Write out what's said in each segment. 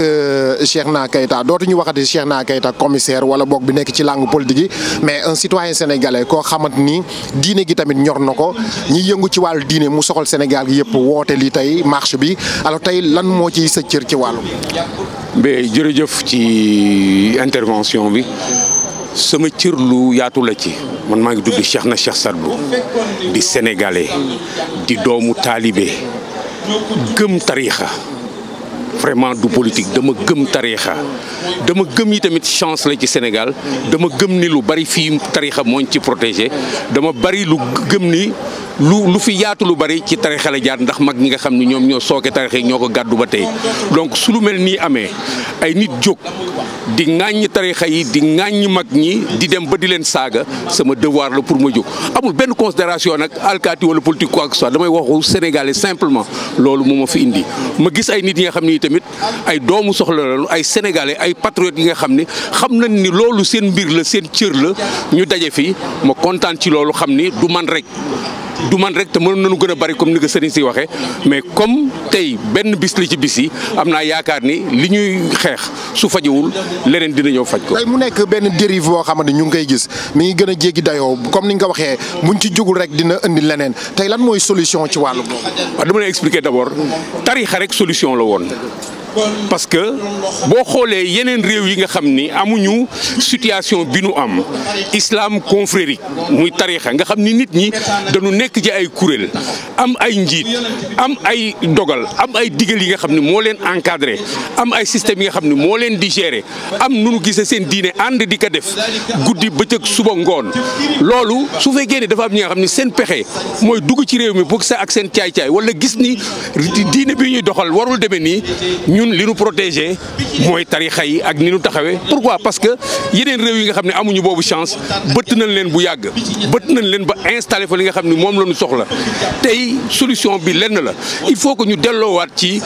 Euh, Cheikhna Keita dootuñu waxati Cheikhna Keita commissaire wala boog bi nekk ci langue politique yi mais un citoyen sénégalais koo xamante ni diine gi tamit ñor na ko ñi yëngu ci wàllu diine mu soxal Sénégal gi yëpp woote li tey marche bi alors tey lan moo ci sa cër ci wàllu. mais jërëjëf ci intervention bi. sama cër lu yaatu la ci man maa ngi tudd seex na Cheikh Sadbou di sénégalais di doomu taalibe gëm tariixa vraiment du politique dama gëm tariixa dama gëm yi tamit chance la ci Sénégal dama gëm ni lu bari fii tariixa mooñ ci protégé dama bari lu gëm ni lu lu fi yaatu lu bari ci tariixa la jaar ndax mag ñi nga xam ni ñoom ñoo sooke tariixa yi ñoo ko gàddu ba tey donc su lu mel nii amee ay nit jóg di ŋàññi tarixa yi di ŋàññi mag ñi di dem ba di leen saaga sama devoir la pour ma jóg amul benn considération nag alkaati wala politique ko ak soit damay waxu sénégalais simplement loolu moom ma fi indi ma gis ay nit yi nga xam ne tamit ay doomu soxla lañu ay sénégalais ay patriotes yi nga xam ne xam na ni loolu seen mbir la seen cër la ñu daje fi ma kontaan ci loolu xam ni du man rek du man rek te mënoon nañu gën a bari comme ni ko sëriñ si waxee mais comme tey benn bis la ci bis yi am naa yaakaar ni li ñuy xeex su fajewul leneen dina ñëw faj ko. tey mu nekk benn dérive boo xamante ñu ngi koy gis mi ngi gën a jéggi dayoo comme ni nga ko waxee buñ ci jugul rek dina indi leneen tey lan mooy solution ci wàllu boobu. waaw dama lay expliquer d'abord tarixa rek solution la woon. parce que boo xoolee yeneen réew yi nga xam ni amuñu situation bi nu am islam confrérique muy tarixa nga xam ni nit ñi dañu nekk ci ay kuréel am ay njiit am ay dogal am ay digal yi nga xam ni moo leen encadré am ay système yi nga xam ni moo leen di gere am nu nu gisee seen diine ànd di ko def guddi bëccëg suba ngoon loolu su fekkee ne dafa am ñi nga xam ni seen pexe mooy dugg ci réew mi bokk sa ak seen caay-caay wala gis ni diine bi ñuy doxal warul demee nii. ñun li ñu protégé mooy tarixa yi ak ni ñu taxawee pourquoi parce que yeneen réew yi nga xam ne amuñu boobu chance bëtt nañ leen bu yàgg bëtt nañ leen ba installé fa li nga xam ne moom la ñu soxla tey solution bi lenn la il faut que ñu delloowaat ci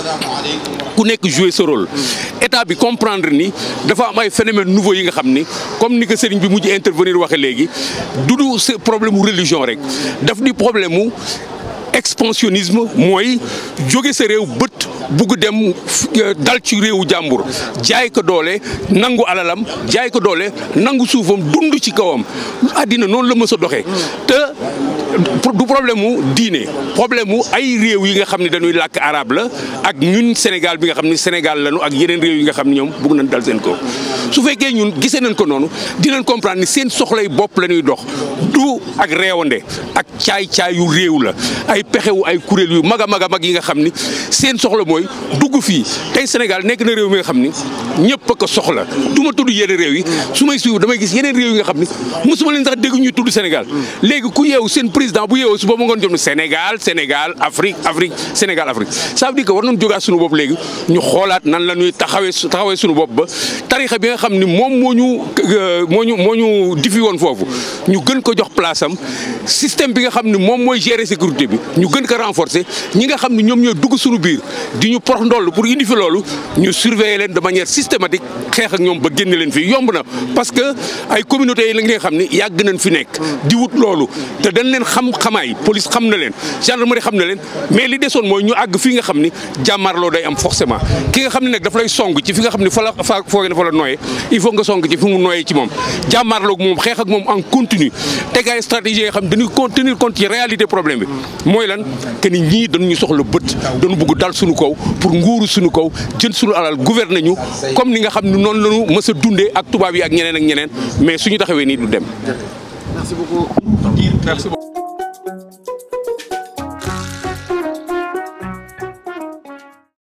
ku nekk jouer sa rôle. état bi comprendre ni dafa am ay phénomène nouveau yi nga xam ni comme ni ko sëriñ bi mujj intervenir waxe léegi du du problème mu religion rek daf di problème mu expansionnisme mooy jóge sa réew bët. bugg dem euh, dal ci réewu jàmbur jaay ko doole nangu alalam jaay ko doole nangu suufam dund ci kawam àddina noonu la mësa doxe te du problème mu diine problème mu ay réew yi nga xam ne dañuy làkk arabe la ak ñun Sénégal bi nga xam ne Sénégal lanu ak yeneen réew yi nga xam ne ñoom bëgg nañ dal seen kaw su fekkee ñun gisee nañ ko noonu dinañ comprendre ni seen soxlay bopp la ñuy dox du ak réewande ak caay-caay yu réew la ay pexewu ay kuréel yu mag a mag mag yi nga xam ni seen soxla mooy dugg fii tey Sénégal nekk na réew mi nga xam ni ñëpp a ko soxla du ma tudd yeneen réew yi su may suivre damay gis yeneen réew yi nga xam ni mosuma leen sax dégg ñuy tudd Sénégal léegi ku yeewu seen président bu yeewoo suba mu ngoon jëm Sénégal Sénégal Afrique Afrique Sénégal Afrique ça veut dire que war nañu bopp léegi ñu xoolaat nan la ñuy taxawee taxawee suñu bopp ba tarixa bi nga xam ni moom moo ñu euh, moo ñu moo ñu difi woon foofu ñu gën ko jox place am système bi nga xam ni moom mooy gérer sécurité bi ñu gën ko renforcer ñi nga xam ni ñoom ñooy dugg suñu biir di ñu porox ndoll pour indi fi loolu ñu surveiller leen de manière systématique xeex ak ñoom ba génn leen fi yomb na parce que ay communautés yi la nga xam ni yàgg nañ fi nekk di wut loolu xam-xamaay police xam na leen gendarmerie leen mais li desoon mooy ñu àgg fii nga xam ni jàmmaarloo day am forcément ki nga xam ne nag daf lay song ci fi nga xam ne fa la fa foogee ne fa la nooyee il faut nga song ci fi mu nooyee ci moom jàmmaarloog moom xeex ak moom en continu teg ay stratégie yi nga xam dañuy tenir compte ci réalité problème bi mooy ni ñii dañuy kaw pour nguuru suñu kaw jën suñu alal gouverner ñu comme ni nga xam ne noonu lañu mës a dundee ak tubaab yi ak ñeneen ak ñeneen mais suñu taxawee nii du dem